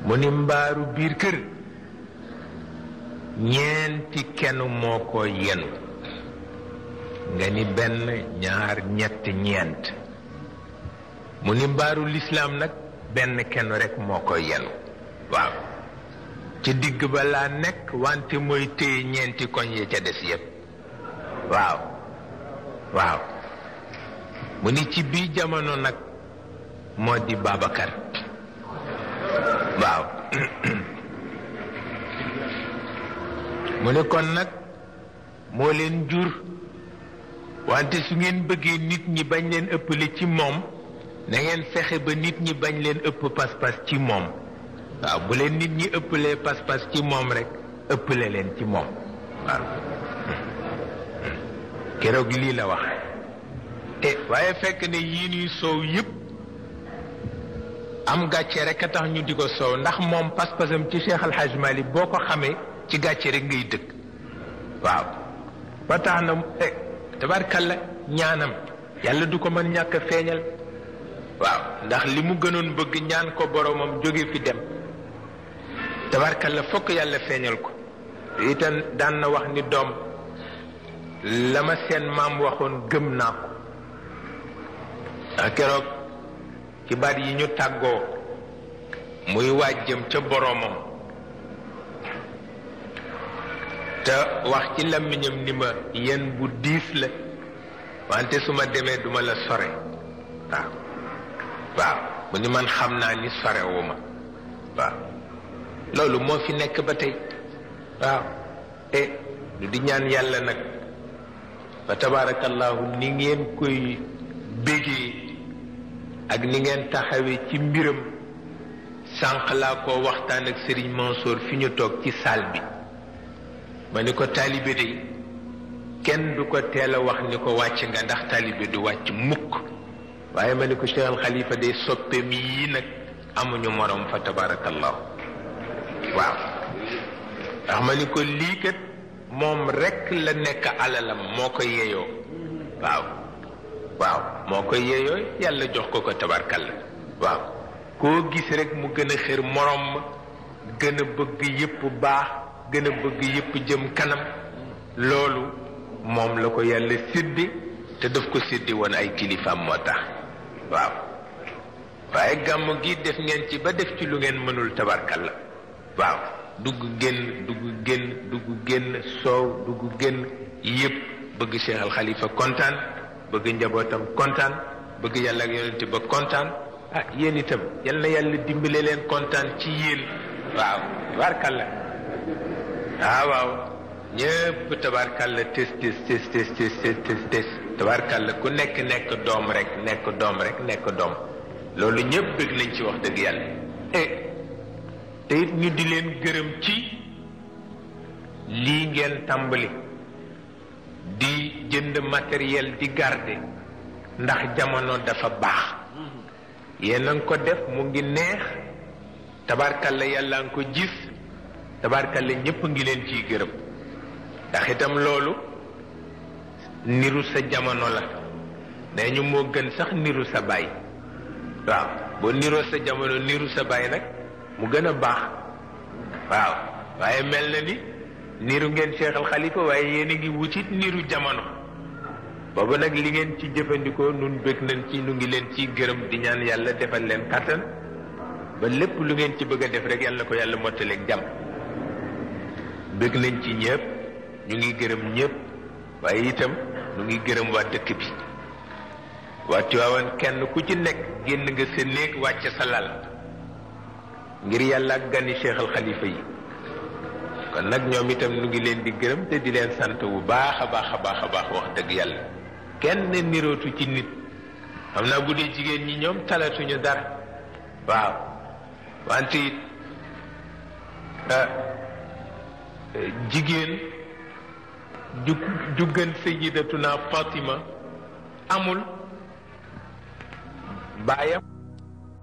mu ni mbaaru biir kër ñeenti kenn moo ko yenu nga ni benn ñaar ñett ñeent mu ni mbaaru lislaam nag benn kenn rekk moo ko yenu waaw ci digg ba laa nekk wante mooy téye ñeenti koñ yi ca des yépp waaw waaw mu ni ci biir jamono nag moo di Babacar waaw mu ne kon nag moo leen jur wante su ngeen bëggee nit ñi bañ leen ëppale ci moom na ngeen fexe ba nit ñi bañ leen ëpp pas-pas ci moom waaw bu leen nit ñi ëpple pas-pas ci moom rek ëppale leen ci moom waaw keroog lii la wax te waaye fekk ne yii ñuy soow yëpp am gàcce rekk a tax ñu di ko soow ndax moom pas-pasam ci seexal Al mali boo ko xamee ci gàcce rek ngay dëkk waaw ba tax na eh, tabarkalla ñaanam yàlla du ko mën ñàkk feeñal waaw ndax li mu gënoon bëgg ñaan ko boromam jóge fi dem la fokk yàlla feeñal ko itam daan wax ni doom la ma seen maam waxoon gëm naa ko keroog ci baat yi ñu tàggoo muy wàjjëm ca boroomam te wax ci làmmiñam ni ma yéen bu diis la wante suma demee duma la sore waaw waaw mu ni man xam naa ni sorewuma waaw loolu moo fi nekk ba tey waaw e eh, lu di ñaan yàlla nag fa tabaarakallaahu ni ngeen koy bégee ak ni ngeen taxawee ci mbiram sànq laa ko waxtaan ak Serigne Mansour fi ñu toog ci saal bi ma ni ko taalibe de kenn du ko teel a wax ni ko wàcc nga ndax taalibe du wàcc mukk waaye ma ni ko Cheikh Al Khalifa de mi yii nag amuñu morom fa tabaarakallaahu waaw ndax ma ni ko lii moom rekk la nekk alalam moo ko yeyoo waaw waaw moo ko yeyoo yàlla jox ko ko tabarkalla waaw koo gis rekk mu gën a xër moroom ma gën a bëgg yëpp baax gën a bëgg yépp jëm kanam loolu moom la ko yàlla séddi te daf ko séddi woon ay kilifaam moo tax waaw waaye gàmmu gi def ngeen ci ba def ci lu ngeen mënul tabarkalla waaw dugg génn dugg génn dugg génn soow dugg génn yépp bëgg Cheikh Khalifa kontaan bëgg njabootam kontaan bëgg yàlla ak yonente ba kontaan ah yéen itam yal na yàlla dimbale leen kontaan ci yéen waaw tabaarkàlla ah waaw ñëpp tabaarkàlla tes tes tes tes tes tes tes tabaarkàlla ku nekk nekk doom rek nekk doom rekk nekk doom loolu ñëpp bëgg nañ ci wax dëgg yàlla eh, te ñu di leen gërëm ci lii ngeen tàmbali di jënd matériel di garder ndax jamono dafa baax yéen a ngi ko def mu ngi neex tabarkalla yàlla nga ko gis tabarkalla ñépp ngi leen ciy gërëm ndax itam loolu niru sa jamono la nee ñu moo gën sax niru sa baay waaw boo niroo sa jamono niru sa baay nag mu gën a baax waaw waaye mel na ni niiru ngeen Cheikh al waaye yéen a ngi wutit niiru jamono boobu nag li ngeen ci jëfandikoo nun bëgg nañ ci nu ngi leen ci gërëm di ñaan yàlla defal leen kàttan ba lépp lu ngeen ci bëgg a def rek yàlla ko yàlla mottaleeg jàmm bëgg nañ ci ñëpp ñu ngi gërëm ñépp waaye itam ñu ngi gërëm waa dëkk bi waa Tiwaawan kenn ku ci nekk génn nga sa néeg wàcce sa lal ngir yàlla ak gani cheikh al xalifa yi kon nag ñoom itam ñu ngi leen di gërëm te di leen sant bu baax a baax a baax a baax wax dëgg yàlla kenn nirootu ci nit xam naa bu dee jigéen ñi ñoom taleetu ñu dara waaw wante it ah, jigéen ju juggan sayyidatuna Fatima amul baayam